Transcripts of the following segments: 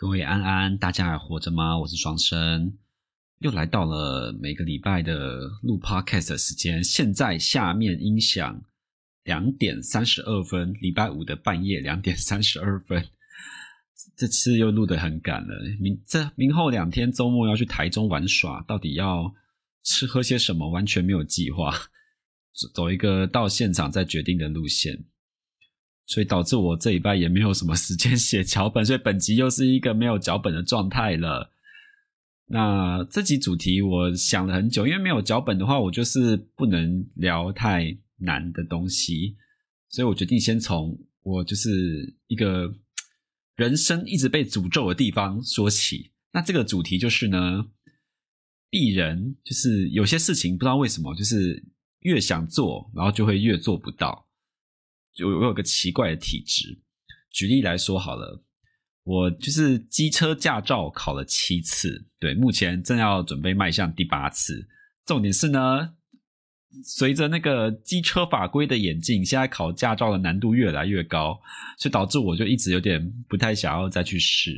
各位安安，大家還活着嗎？我是雙生，又來到了每個禮拜的錄 podcast 的時間。現在下面音響兩點三十二分，禮拜五的半夜兩點三十二分，這次又錄得很趕了。明這明後兩天週末要去台中玩耍，到底要吃喝些什麼完全沒有計劃，走一個到現場再決定的路線。所以導致我這禮拜也沒有什麼時間寫腳本，所以本集又是一個沒有腳本的狀態了。那這集主題我想了很久，因為沒有腳本的話，我就是不能聊太難的東西，所以我決定先從我就是一個人生一直被詛咒的地方說起。那這個主題就是呢，鄙人，就是有些事情不知道為什麼，就是越想做，然後就會越做不到。有我有個奇怪的體質，舉例來說好了，我就是機車駕照考了七次，對，目前正要準備邁向第八次。重點是呢，隨着那個機車法規的演進，現在考駕照的難度越來越高，所以導致我就一直有點不太想要再去試。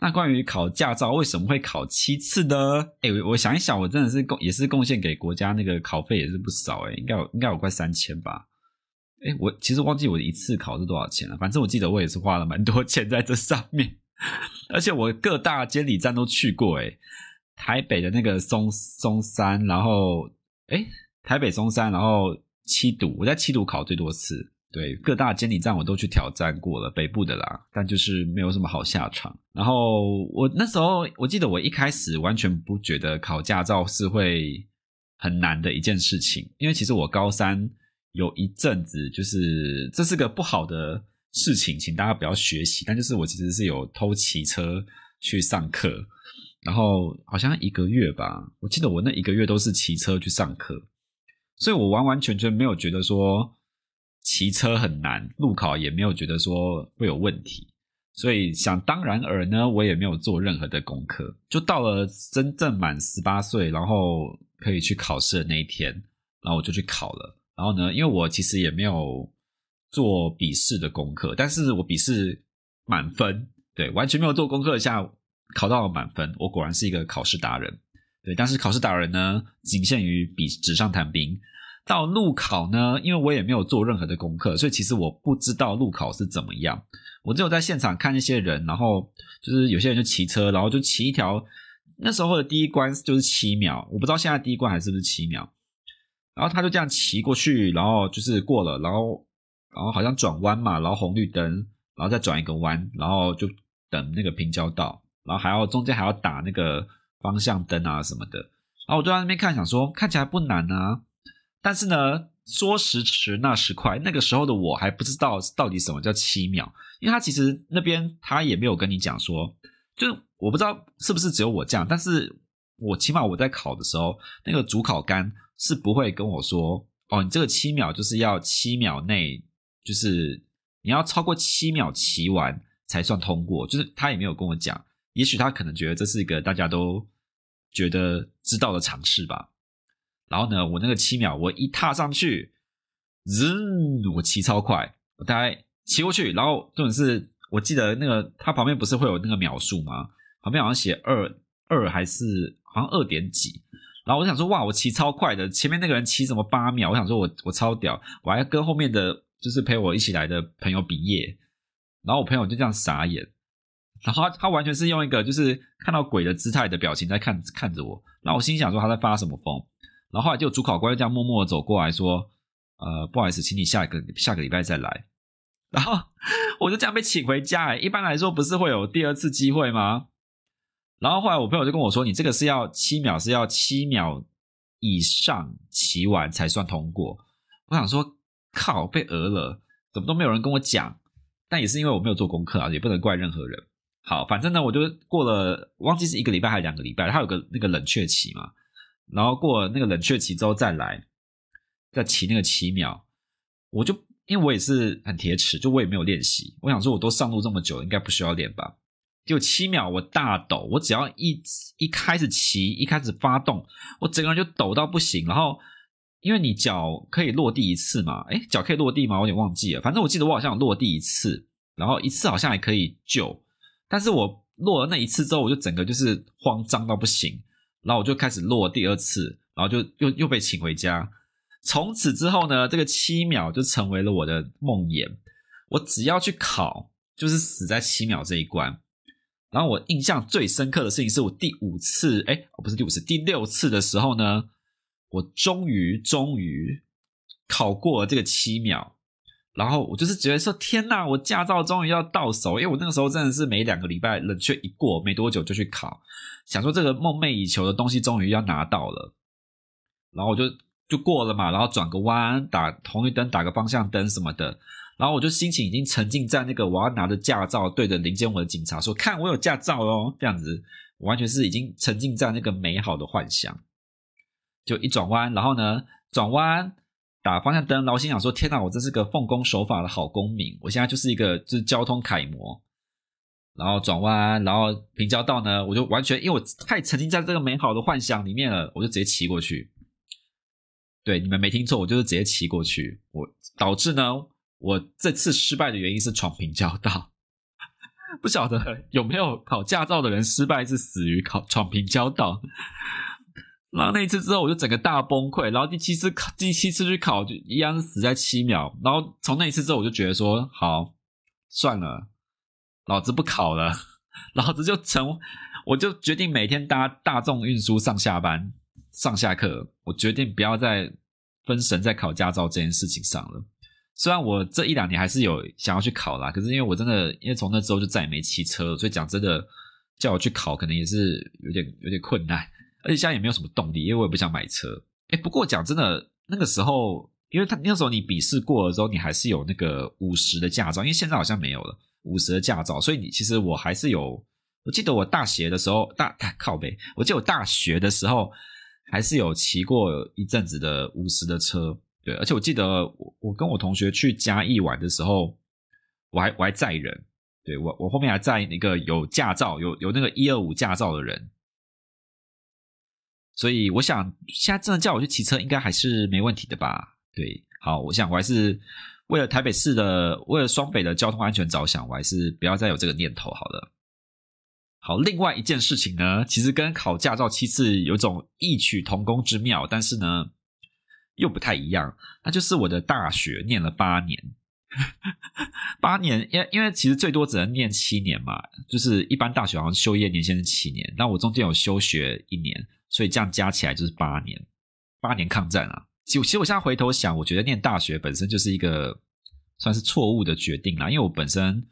那關於考駕照為什麼會考七次呢？哎，我想一想，我真的是貢也是貢獻給國家那個考費也是不少哎，應該有應該有快三千吧。哎，我其實忘記我一次考是多少錢了，反正我記得我也是花了蠻多錢在這上面，而且我各大監理站都去過，哎，台北的那個松松山，然後哎，台北松山，然後七堵，我在七堵考最多次，對，各大監理站我都去挑戰過了，北部的啦，但就是沒有什麼好下場。然後我那時候我記得我一開始完全不覺得考駕照是會很難的一件事情，因為其實我高三。有一陣子，就是這是個不好的事情，請大家不要學習。但就是我其實是有偷騎車去上課，然後好像一個月吧，我記得我那一個月都是騎車去上課，所以我完完全全沒有覺得說騎車很難，路考也沒有覺得說會有問題，所以想當然耳呢，我也沒有做任何的功課，就到了真正滿十八歲，然後可以去考試的那一天，然後我就去考了。然後呢，因為我其實也沒有做筆試的功課，但是我筆試滿分，對，完全沒有做功課下考到了滿分，我果然是一個考試達人，對。但是考試達人呢，僅限於筆紙上談兵。到路考呢，因為我也沒有做任何的功課，所以其實我不知道路考是怎麼樣。我只有在現場看一些人，然後就是有些人就騎車，然後就騎一條。那時候的第一關就是七秒，我不知道現在第一關還是不是七秒？然後他就這樣騎過去，然後就是過了，然後，然後好像轉彎嘛，然後紅綠燈，然後再轉一個彎，然後就等那個平交道，然後還要中間還要打那個方向燈啊什麼的。然後我就在那邊看，想說看起來不難啊，但是呢，說時遲那時快，那個時候的我還不知道到底什麼叫七秒，因為他其實那邊他也沒有跟你講說，就我不知道是不是只有我這樣，但是我起碼我在考的時候，那個主考官是不會跟我說哦，你這個七秒就是要七秒內，就是你要超過七秒騎完才算通過。就是他也沒有跟我講，也許他可能覺得這是一個大家都覺得知道的嘗試吧。然後呢，我那個七秒，我一踏上去，噌，我騎超快，我大概騎過去。然後重點是，我記得那個他旁邊不是會有那個秒數嗎？旁邊好像寫二二還是好像二點幾。然後我想說，哇，我騎超快的，前面那個人騎什麼八秒。我想說我我超屌，我還跟後面的，就是陪我一起來的朋友比耶。然後我朋友就這樣傻眼，然後他，他完全是用一個就是看到鬼的姿態的表情在看看着我。然後我心想說他在發什麼瘋？然後，後來就有主考官就這樣默默走過來說，呃，不好意思，請你下一個下個禮拜再來。然後我就這樣被請回家。誒，一般來說不是會有第二次機會嗎？然後後來我朋友就跟我說：“你這個是要七秒，是要七秒以上騎完才算通過。”我想說：“靠，被訛了，怎麼都沒有人跟我講？”但也是因為我沒有做功課啊，也不能怪任何人。好，反正呢，我就過了，忘記是一個禮拜還是兩個禮拜，它有個那個冷卻期嘛。然後過了那個冷卻期之後，再來再騎那個七秒，我就因為我也是很鐵齒，就我也沒有練習。我想說，我都上路這麼久，應該不需要練吧。就七秒，我大抖。我只要一一開始騎，一開始發動，我整個人就抖到不行。然後，因為你腳可以落地一次嘛，哎、欸，腳可以落地嗎？我有點忘記了。反正我記得我好像有落地一次，然後一次好像也可以救。但是我落了那一次之後，我就整個就是慌張到不行。然後我就開始落第二次，然後就又又被請回家。從此之後呢，這個七秒就成為了我的夢魘。我只要去考，就是死在七秒這一關。然後我印象最深刻的事情是我第五次，誒不是第五次，第六次的時候呢，我終於終於考過了這個七秒。然後我就是覺得說天，天吶我駕照終於要到手！因為我那個時候真的是每兩個禮拜冷卻一過，沒多久就去考，想說這個夢寐以求的東西終於要拿到了。然後我就就過了嘛，然後轉個彎，打紅綠燈，打個方向燈什麼的。然後我就心情已經沉浸在那個，我要拿着駕照對着臨檢我的警察說：“看我有駕照哦。”這樣子我完全是已經沉浸在那個美好的幻想。就一轉彎，然後呢，轉彎打方向燈，然後心想，想說：“天哪，我這是個奉公守法的好公民，我現在就是一個就是交通楷模。”然後轉彎，然後平交道呢，我就完全因為我太沉浸在這個美好的幻想裡面了，我就直接騎過去。對，你們沒聽錯，我就是直接騎過去，我導致呢。我這次失敗的原因是闖平交道，不曉得有沒有考駕照的人失敗是死於考闖平交道。然後那一次之後，我就整個大崩潰。然後第七次考，第七次去考，就一樣是死在七秒。然後從那一次之後，我就覺得說，好算了，老子不考了，老子就成，我就決定每天搭大眾運輸上下班、上下課。我決定不要再分神在考駕照這件事情上了。雖然我這一兩年還是有想要去考啦，可是因為我真的，因為從那之後就再也沒騎車了，所以講真的，叫我去考可能也是有點有點困難，而且現在也沒有什麼動力，因為我也不想買車。哎、欸，不過講真的，那個時候，因為他那時候你筆試過了之後，你還是有那個五十的駕照，因為現在好像沒有了五十的駕照，所以你其實我還是有。我記得我大學的時候，大靠北，我記得我大學的時候還是有騎過一陣子的五十的車。對，而且我記得我我跟我同學去嘉義玩的時候，我還我還載人，對我我後面還載那個有駕照、有有那個一二五駕照的人，所以我想現在真的叫我去騎車，應該還是沒問題的吧？對，好，我想我還是為了台北市的、為了雙北的交通安全着想，我還是不要再有這個念頭好了。好，另外一件事情呢，其實跟考駕照七次有種異曲同工之妙，但是呢。又不太一樣，那就是我的大學念了八年， 八年，因因為其實最多只能念七年嘛，就是一般大學好像修業年限是七年，但我中間有休學一年，所以這樣加起來就是八年，八年抗戰啊！其實我現在回頭想，我覺得念大學本身就是一個算是錯誤的決定啦，因為我本身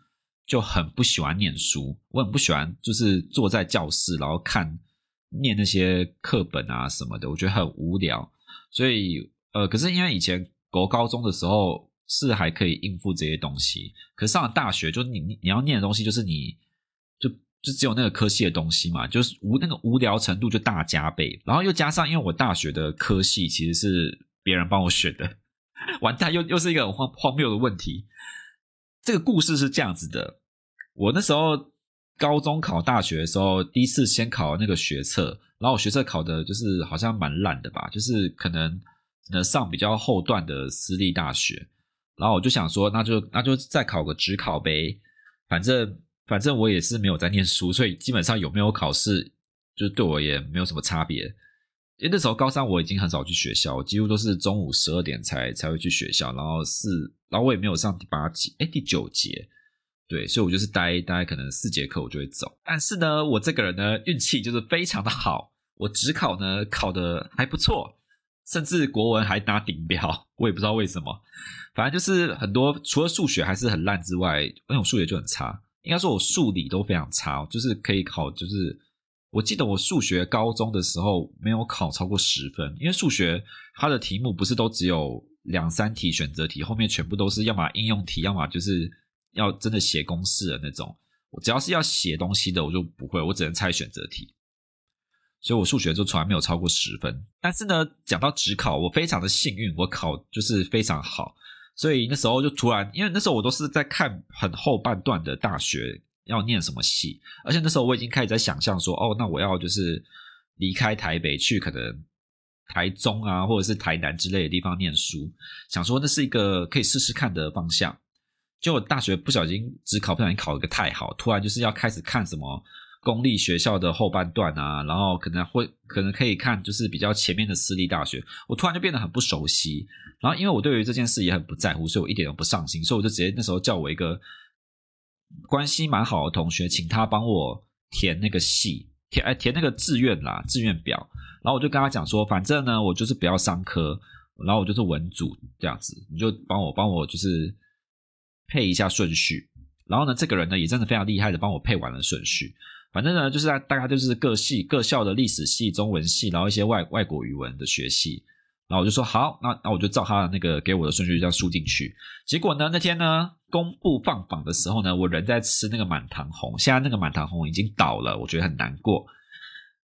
就很不喜歡念書，我很不喜歡就是坐在教室然後看念那些課本啊什麼的，我覺得很無聊，所以。呃，可是因為以前國高中的時候是還可以應付這些東西，可是上了大學，就你你要念的東西就是你就就只有那個科系的東西嘛，就是無那個無聊程度就大加倍。然後又加上，因為我大學的科系其實是別人幫我選的，完蛋，又又是一個很荒荒謬的問題。這個故事是這樣子的：我那時候高中考大學的時候，第一次先考那個學測，然後我學測考的就是好像蠻爛的吧，就是可能。能上比較後段的私立大學，然後我就想說，那就那就再考個指考唄，反正反正我也是沒有在念書，所以基本上有沒有考試，就是對我也沒有什麼差別。因為那時候高三我已經很少去學校，我幾乎都是中午十二點才才會去學校，然後四然後我也沒有上第八節，誒第九節，對，所以我就是待待可能四節課我就會走。但是呢，我這個人呢運氣就是非常的好，我指考呢考得還不錯。甚至國文還拿頂標，我也不知道為什麼。反正就是很多，除了數學還是很爛之外，那種數學就很差。應該說我數理都非常差，就是可以考。就是我記得我數學高中的時候沒有考超過十分，因為數學它的題目不是都只有兩三題選擇題，後面全部都是要麼應用題，要麼就是要真的寫公式的那種。我只要是要寫東西的，我就不會，我只能猜選擇題。所以，我數學就從來沒有超過十分。但是呢，講到指考，我非常的幸運，我考就是非常好。所以那時候就突然，因為那時候我都是在看很後半段的大學要念什麼系，而且那時候我已經開始在想象說，哦，那我要就是離開台北去可能台中啊，或者是台南之類的地方念書，想說那是一個可以試試看的方向。就我大學不小心指考不小心考了個太好，突然就是要開始看什麼，公立學校的後半段啊，然後可能會可能可以看，就是比較前面的私立大學。我突然就變得很不熟悉，然後因為我對於這件事也很不在乎，所以我一點都不上心，所以我就直接那時候叫我一個關係蠻好的同學，請他幫我填那個系，填填那個志願啦，志願表。然後我就跟他講說，反正呢我就是不要商科，然後我就是文組這樣子，你就幫我幫我就是配一下順序。然後呢，這個人呢也真的非常厲害的幫我配完了順序。反正呢，就是大家就是各系各校的歷史系、中文系，然後一些外外國語文的學系，然後我就說好，那那我就照他的那個給我的順序這樣輸進去。結果呢，那天呢公布放榜的時候呢，我人在吃那個滿堂紅，現在那個滿堂紅已經倒了，我覺得很難過。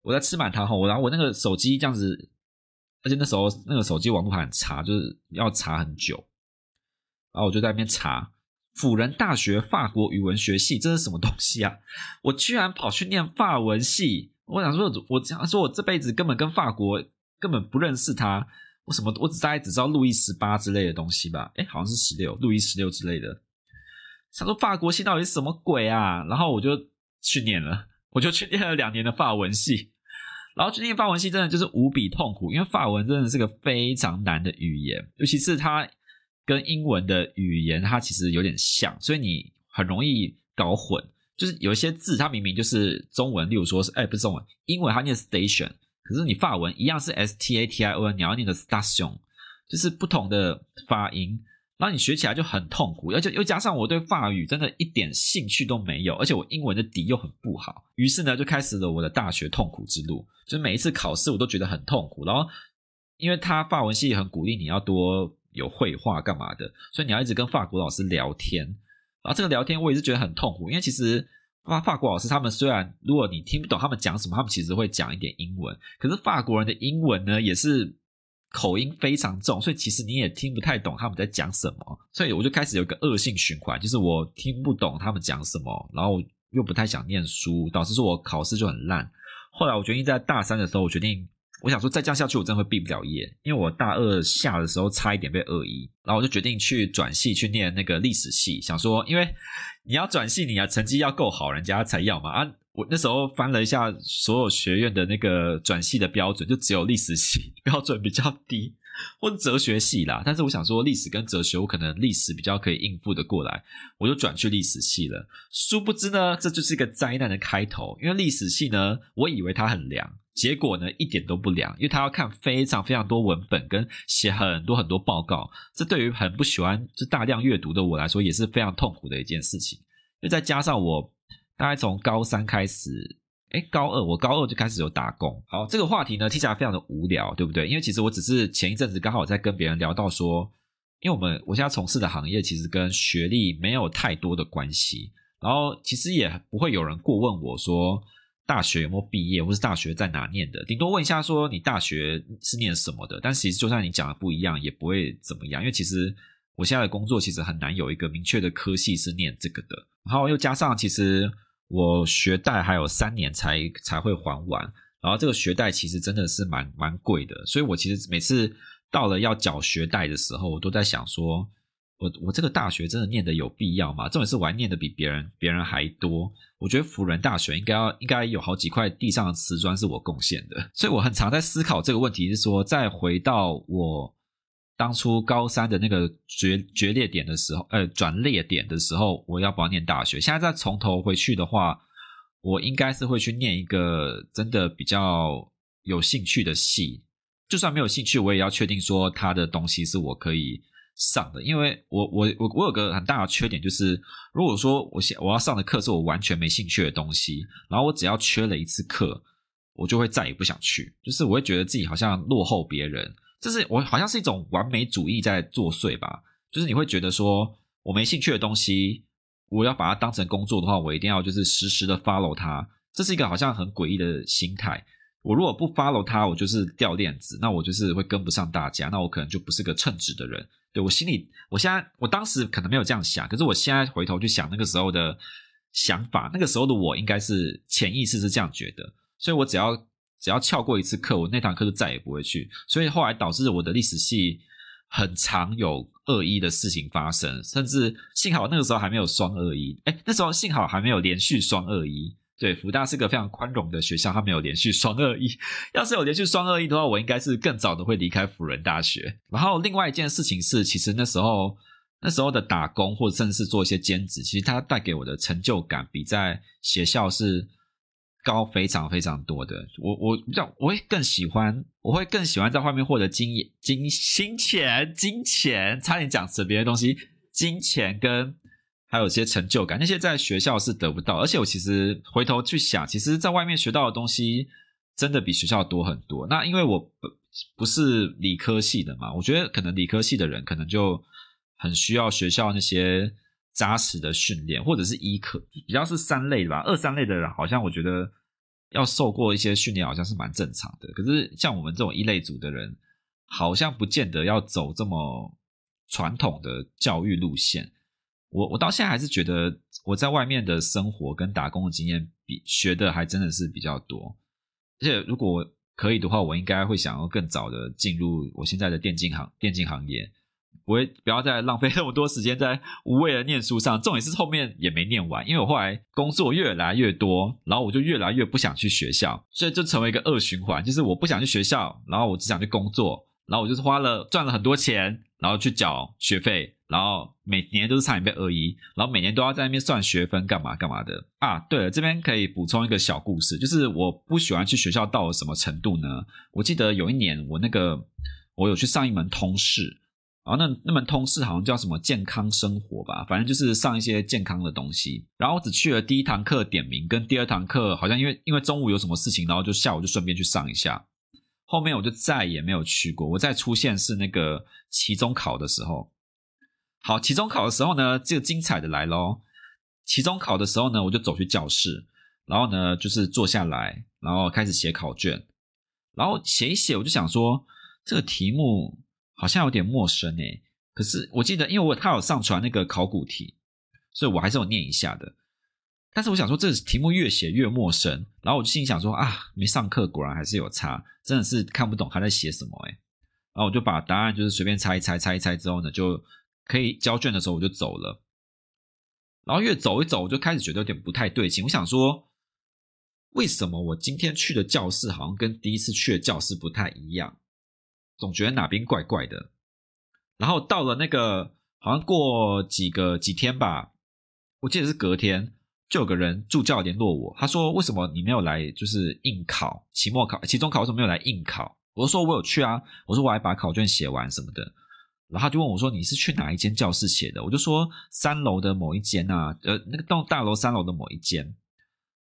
我在吃滿堂紅，然後我那個手機這樣子，而且那時候那個手機網絡很差，就是要查很久，然後我就在那邊查。輔仁大學法國語文學系，這是什麼東西啊？我居然跑去念法文系！我想說，我只想說我這輩子根本跟法國根本不認識他。我什麼？我只大概只知道路易十八之類的東西吧。哎、欸，好像是十六，路易十六之類的。想說法國系到底是什麼鬼啊？然後我就去念了，我就去念了兩年的法文系。然後去念法文系真的就是無比痛苦，因為法文真的是個非常難的語言，尤其是它。跟英文的語言，它其實有點像，所以你很容易搞混。就是有一些字，它明明就是中文，例如說是“哎、欸，不是中文，英文它念 station，可是你法文一樣是 s t a t i o n，你要念的 station 就是不同的發音。然後你學起來就很痛苦，而且又加上我對法語真的一點興趣都沒有，而且我英文的底又很不好，於是呢，就開始了我的大學痛苦之路。就每一次考試，我都覺得很痛苦。然後，因為他法文系很鼓勵你要多。有繪畫幹嘛的？所以你要一直跟法國老師聊天，然後這個聊天我也是覺得很痛苦，因為其實法法國老師他們雖然如果你聽不懂他們講什麼，他們其實會講一點英文，可是法國人的英文呢，也是口音非常重，所以其實你也聽不太懂他們在講什麼。所以我就開始有一個惡性循環，就是我聽不懂他們講什麼，然後又不太想念書，導致說我考試就很爛。後來我決定在大三的時候，我決定。我想說，再這樣下去，我真的會畢不了業。因為我大二下的時候，差一點被二一，然後我就決定去轉系，去念那個歷史系。想說，因為你要轉系，你啊成績要夠好，人家才要嘛。啊，我那時候翻了一下所有學院的那個轉系的標準，就只有歷史系標準比較低。或哲學系啦，但是我想說歷史跟哲學，我可能歷史比較可以應付得過來，我就轉去歷史系了。殊不知呢，這就是一個災難的開頭，因為歷史系呢，我以為它很涼，結果呢一點都不涼，因為它要看非常非常多文本，跟寫很多很多報告，這對於很不喜歡就大量閱讀的我來說，也是非常痛苦的一件事情。因為再加上我大概從高三開始。欸，高二我高二就開始有打工。好，這個話題呢聽起來非常的無聊，對不對？因為其實我只是前一陣子剛好在跟別人聊到說，因為我們我現在從事的行業其實跟學歷沒有太多的關係，然後其實也不會有人過問我說大學有沒有畢業，或是大學在哪念的，頂多問一下說你大學是念什麼的。但其實就算你講的不一樣，也不會怎麼樣，因為其實我現在的工作其實很難有一個明確的科系是念這個的。然後又加上其實。我學貸還有三年才才會還完，然後這個學貸其實真的是蠻蠻貴的，所以我其實每次到了要繳學貸的時候，我都在想說，我我這個大學真的念得有必要嗎？重點是我還念得比別人別人還多，我覺得輔仁大學應該要應該有好幾塊地上的瓷磚是我貢獻的，所以我很常在思考這個問題，是說再回到我。當初高三的那個決決裂點的時候，呃，轉捩點的時候，我要不要念大學？現在再從頭回去的話，我應該是會去念一個真的比較有興趣的系。就算沒有興趣，我也要確定說他的東西是我可以上的，因為我我我我有個很大的缺點，就是如果說我想我要上的課是我完全沒興趣的東西，然後我只要缺了一次課，我就會再也不想去，就是我會覺得自己好像落後別人。就是我好像是一種完美主義在作祟吧。就是你會覺得說，我沒興趣的東西，我要把它當成工作的話，我一定要就是實時的 follow 它。這是一個好像很詭異的心態。我如果不 follow 它，我就是掉鏈子，那我就是會跟不上大家，那我可能就不是個稱職的人。對，我心裡，我現在我當時可能沒有這樣想，可是我現在回頭去想那個時候的想法，那個時候的我應該是潛意識是這樣覺得，所以我只要。只要翹過一次課，我那堂課就再也不會去。所以後來導致我的歷史系很常有二一的事情發生，甚至幸好那個時候還沒有雙二一。哎，那時候幸好還沒有連續雙二一。對，輔大是個非常寬容的學校，它沒有連續雙二一。要是有連續雙二一的話，我應該是更早的會離開輔仁大學。然後另外一件事情是，其實那時候那時候的打工或者甚至是做一些兼職，其實它帶給我的成就感比在學校是高非常非常多的，我我我會更喜歡，我會更喜歡在外面獲得金金金錢金錢，差點講成別的東西，金錢跟，還有一些成就感，那些在學校是得不到，而且我其實回頭去想，其實在外面學到的東西真的比學校多很多。那因為我不是理科系的嘛，我覺得可能理科系的人可能就很需要學校那些紮實的訓練，或者是醫科比較是三類吧，二三類的人好像我覺得。要受過一些訓練，好像是蠻正常的。可是像我們這種一類組的人，好像不見得要走這麼傳統的教育路線。我我到現在還是覺得我在外面的生活跟打工的經驗比，學的還真的是比較多。而且如果可以的話，我應該會想要更早的進入我現在的電競行，電競行業。不會，不要再浪費那麼多時間在無謂的念書上。重點是後面也沒念完，因為我後來工作越來越多，然後我就越來越不想去學校，所以就成為一個惡循環。就是我不想去學校，然後我只想去工作，然後我就是花了賺了很多錢，然後去繳學費，然後每年都是差一點被二一，然後每年都要在那邊算學分幹嘛幹嘛的啊。對了，這邊可以補充一個小故事，就是我不喜歡去學校到了什麼程度呢？我記得有一年我那個我有去上一門通識。然後那那門通識好像叫什麼健康生活吧，反正就是上一些健康的東西。然後我只去了第一堂課點名，跟第二堂課好像因為因為中午有什麼事情，然後就下午就順便去上一下。後面我就再也沒有去過。我再出現是那個期中考的時候。好，期中考的時候呢，這個精彩的來咯，期中考的時候呢，我就走去教室，然後呢就是坐下來，然後開始寫考卷。然後寫一寫，我就想說這個題目。好像有點陌生欸，可是我記得，因為我他有上傳那個考古題，所以我還是有念一下的。但是我想說，這題目越寫越陌生，然後我就心裡想說啊，沒上課果然還是有差，真的是看不懂他在寫什麼欸。然後我就把答案就是隨便猜一猜，猜一猜之後呢，就可以交卷的時候我就走了。然後越走一走，我就開始覺得有點不太對勁。我想說，為什麼我今天去的教室好像跟第一次去的教室不太一樣？總覺得哪邊怪怪的，然後到了那個好像過幾個幾天吧，我記得是隔天就有個人助教聯絡我，他說，為什麼你沒有來，就是應考期末考期中考為什麼沒有來應考？我就說我有去啊，我說我還把考卷寫完什麼的，然後他就問我說，你是去哪一間教室寫的？我就說三樓的某一間啊，呃，那個棟大樓三樓的某一間，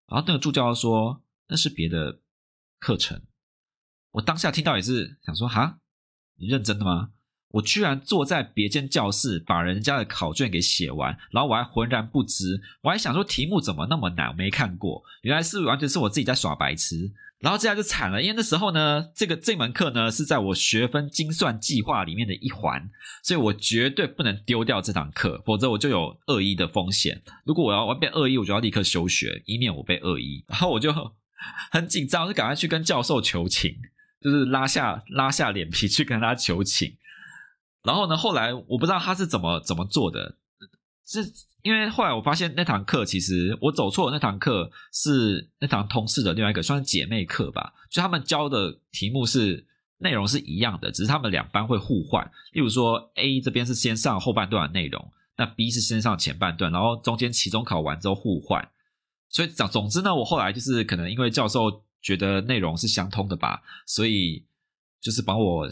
然後那個助教他說，那是別的課程，我當下聽到也是想說哈。你認真的嗎？我居然坐在別間教室，把人家的考卷給寫完，然後我還渾然不知，我還想說題目怎麼那麼難，我沒看過，原來是，是完全是我自己在耍白痴。然後這下就慘了，因為那時候呢，這個這門課呢是在我學分精算計劃裡面的一環，所以我絕對不能丟掉這堂課，否則我就有二一的風險。如果我要我被二一，我就要立刻休學，以免我被二一。然後我就很緊張，就趕快去跟教授求情。就是拉下拉下臉皮去跟他求情，然後呢，後來我不知道他是怎麼怎麼做的，是因為後來我發現那堂課其實我走錯了，那堂課是那堂通識的另外一個算是姐妹課吧，就他們教的題目是內容是一樣的，只是他們兩班會互換，例如說 A 這邊是先上後半段的內容，那 B 是先上前半段，然後中間期中考完之後互換，所以總總之呢，我後來就是可能因為教授覺得內容是相通的吧，所以就是幫我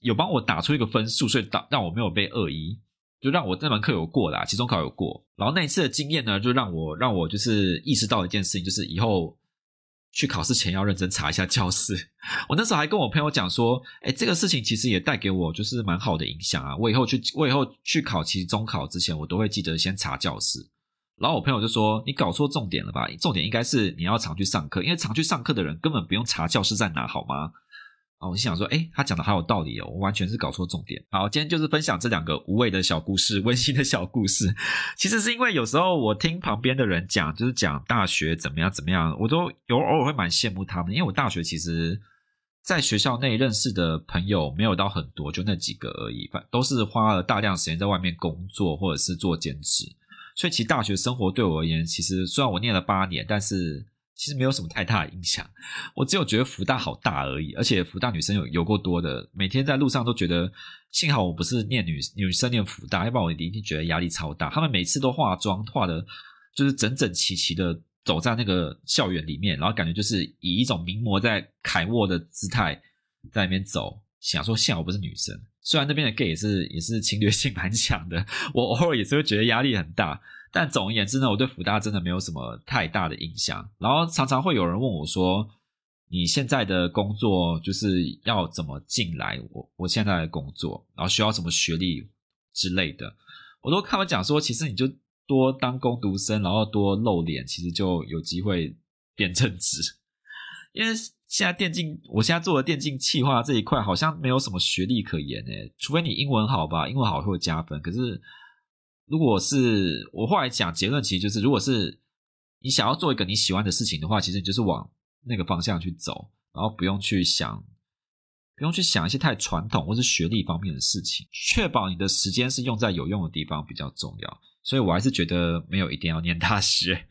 有幫我打出一個分數，所以讓讓我沒有被二一，就讓我這門課有過啦，期中考有過。然後那一次的經驗呢，就讓我讓我就是意識到一件事情，就是以後去考試前要認真查一下教室。 我那時候還跟我朋友講說，哎、欸，這個事情其實也帶給我就是蠻好的影響啊。我以後去我以後去考期中考之前，我都會記得先查教室。然後我朋友就說：“你搞錯重點了吧？重點應該是你要常去上課，因為常去上課的人根本不用查教室在哪，好嗎？”啊，我就想說：“誒，他講的還有道理哦，我完全是搞錯重點。”好，今天就是分享這兩個無謂的小故事，溫馨的小故事。其實是因為有時候我聽旁邊的人講，就是講大學怎麼樣怎麼樣，我都有偶爾會蠻羨慕他們，因為我大學其實在學校內認識的朋友沒有到很多，就那幾個而已，反都是花了大量時間在外面工作或者是做兼職。所以其實大學生活對我而言，其實雖然我念了八年，但是其實沒有什麼太大的影響。我只有覺得福大好大而已，而且福大女生有有夠多的，每天在路上都覺得幸好我不是念女女生念福大，要不然我一定覺得壓力超大。她們每次都化妝化得就是整整齊齊的走在那個校園裡面，然後感覺就是以一種名模在凱渥的姿態在那邊走，想說幸好我不是女生。雖然那邊的 gay 也是也是侵略性蠻強的，我偶爾也是會覺得壓力很大，但總而言之呢，我對輔大真的沒有什麼太大的印象。然後常常會有人問我說：“你現在的工作就是要怎麼進來我？我我現在的工作，然後需要什麼學歷之類的？”我都看我講說，其實你就多當工讀生，然後多露臉，其實就有機會變正職，因為。現在電競，我現在做的電競企劃這一塊好像沒有什麼學歷可言誒，除非你英文好吧，英文好會加分。可是，如果是我後來講結論，其實就是，如果是你想要做一個你喜歡的事情的話，其實你就是往那個方向去走，然後不用去想，不用去想一些太傳統或是學歷方面的事情，確保你的時間是用在有用的地方比較重要。所以我還是覺得沒有一定要念大學。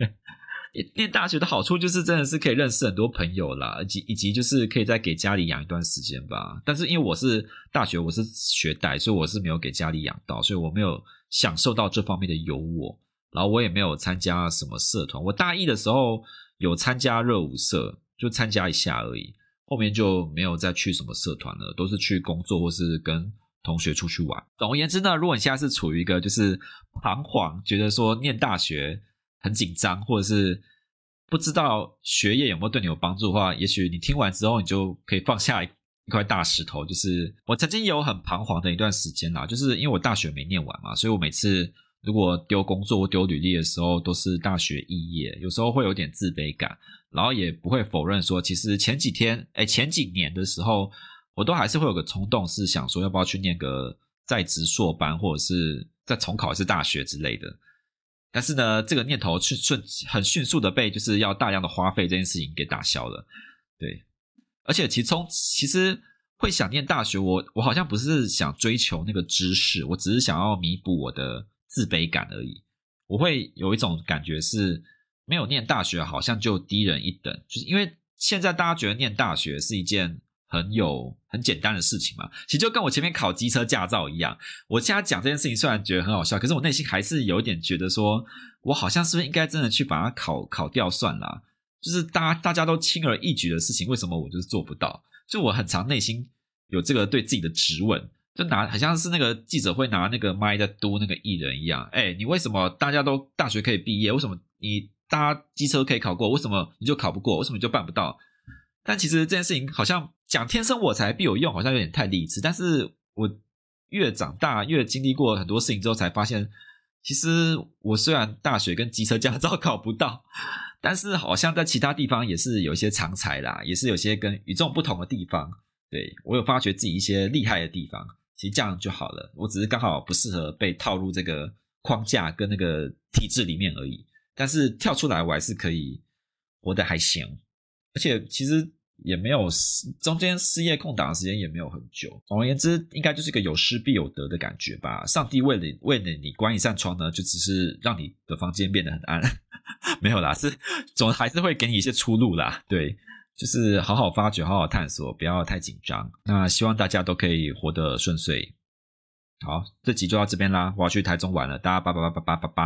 也念大學的好處就是真的是可以認識很多朋友啦，以及以及就是可以再給家裡養一段時間吧。但是因為我是大學，我是學貸，所以我是沒有給家裡養到，所以我沒有享受到這方面的優渥。然後我也沒有參加什麼社團。我大一的時候有參加熱舞社，就參加一下而已，後面就沒有再去什麼社團了，都是去工作或是跟同學出去玩。總而言之呢，如果你現在是處於一個就是彷徨，覺得說念大學。很緊張，或者是不知道學業有沒有對你有幫助的話，也許你聽完之後，你就可以放下一塊大石頭。就是我曾經也有很彷徨的一段時間啦，就是因為我大學沒念完嘛，所以我每次如果丟工作或丟履歷的時候，都是大學肄業，有時候會有點自卑感，然後也不會否認說，其實前幾天、哎、欸、前幾年的時候，我都還是會有個衝動，是想說要不要去念個在職碩班，或者是再重考一次大學之類的。但是呢，這個念頭很迅速的被就是要大量的花費這件事情給打消了，對。而且其中其實會想念大學我，我我好像不是想追求那個知識，我只是想要彌補我的自卑感而已。我會有一種感覺是沒有念大學，好像就低人一等，就是因為現在大家覺得念大學是一件。很有很簡單的事情嘛，其實就跟我前面考機車駕照一樣。我現在講這件事情，雖然覺得很好笑，可是我內心還是有點覺得說，我好像是不是應該真的去把它考考掉算了？就是大家大家都輕而易舉的事情，為什麼我就是做不到？就我很常內心有這個對自己的質問，就拿好像是那個記者會拿那個麥在嘟那個藝人一樣，哎，你為什麼大家都大學可以畢業？為什麼你大家機車可以考過？為什麼你就考不過？為什麼你就辦不到？但其實這件事情好像講“天生我材必有用”好像有點太勵志，但是我越長大越經歷過很多事情之後，才發現其實我雖然大學跟機車駕照考不到，但是好像在其他地方也是有一些長才啦，也是有些跟與眾不同的地方。對，我有發掘自己一些厲害的地方，其實這樣就好了。我只是剛好不適合被套入這個框架跟那個體制裡面而已，但是跳出來我還是可以活得還行。而且其實也沒有失，中間失業空檔的時間也沒有很久。總而言之，應該就是一個有失必有得的感覺吧。上帝為了為了你關一扇窗呢，就只是讓你的房間變得很暗，沒有啦，是總還是會給你一些出路啦。對，就是好好發掘，好好探索，不要太緊張。那希望大家都可以活得順遂。好，這集就到這邊啦，我要去台中玩了，大家掰掰掰掰掰掰掰。